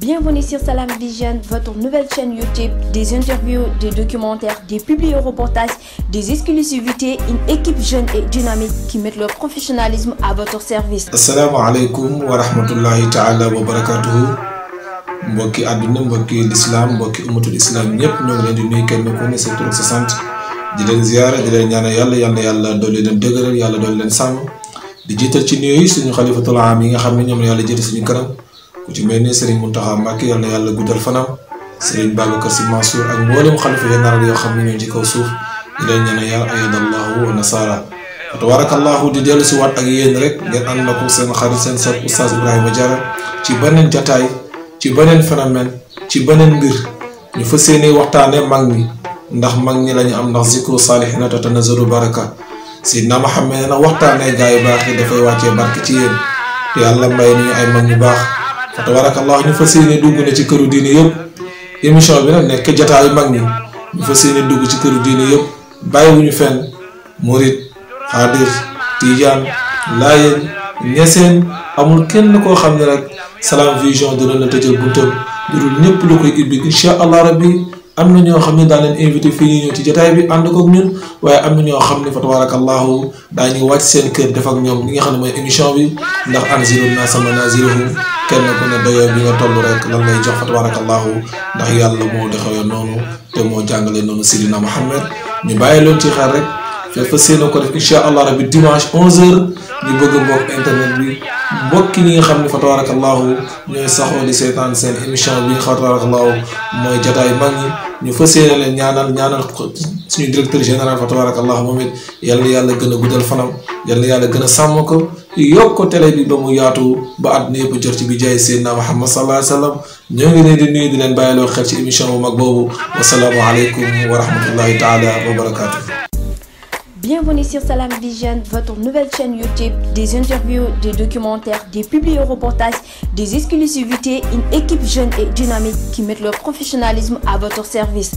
Bienvenue sur Salam Vision, votre nouvelle chaîne YouTube, des interviews, des documentaires, des publi-reportages, des exclusivités, une équipe jeune et dynamique qui met leur professionnalisme à votre service. asalaamaaleykum wa rahmatullahi taala wa barakatuhu mbokki àdduna mbokki lislaam mbokki umatul islaam ñëpp ñoo ngi leen di nuyu kenn ku ne sa tur ak sa sant di leen ziyaara di leen ñaanal yàlla yal na yàlla dolli leen dëgëral di jiital ci nuyu suñu xalifatul aam yi nga xam ne ñoom la yàlla jiital suñu kanam ku ci mel ne Serigne Mountakha Mbacké yal na yàlla guddal fanam Serigne Babacar Sy Mansour ak mboolem xalifa yi ci kaw suuf di leen ñaan yàlla wa nasara tabarakallahu di dellu ci beneen jataay mbir ñu fa seeni waxtaane mag ñi ndax mag ñi lañu am ndax zikru saalihina tatanazalu baraka Seydina Muhammad nee na waxtaanee gaa yu baax yi dafay wàccee barke ci yéen te yàlla may ñu ay mag ñu baax fa tabarakallah ñu fas yéene dugg na ci këru diine yëpp émission bi nag nekk jataayu mag ñi ñu fas yéene dugg ci këru diine yëpp bàyyiwuñu fenn murit xaadir tijaan laayeen ñeseen amul kenn koo xam ne rek Salam Vision dina la tëjal buntam lu dul ñëpp lu koy ibbi incha allah rabbi am na ñoo xam ne daa leen invité fii ñu ñëw ci jotaay bi ànd kook ñun waaye am na ñoo xam ne fa tabarakallahu daañu wàcc seen kër def ak ñoom li nga xam ne mooy émission bi ndax anziru naa sama naziruhu kenn ku ne dayoo bi nga toll rek lan lay jox fa tabarakallahu ndax yàlla moo doxee noonu te moo jàngale noonu Sidina Muhammad ñu bàyyi loolu ci xaar rek. te fas yéene ko def incha allah rabbi dimanche 11h ñu bëgg mbokk internet bi mbokki ñi nga xam ne fa tabarakallahu ñooy saxoo di seetaan seen émission bi nga xam ne tabarakallahu mooy jataay mag ñi ñu fas yéene leen ñaanal ñaanal suñu directeur général fa tabarakallahu moom it yal yàlla gën a guddal fanam yal na yàlla gën a sàmm ko yokk ko télé bi ba mu yaatu ba at ni yëpp jot ci bi jaay Seydina Muhammad xam alayhi wa sallam ñoo ngi leen di nuyu di leen bàyyiloo xel ci émission bu mag boobu wasalaamu aleykum wa Bienvenue sur salaam Vision, votre nouvelle chaîne YouTube, des interviews, des documentaires, des publi-reportages, des exclusivités, une équipe jeune et dynamique qui met leur professionnalisme à votre service.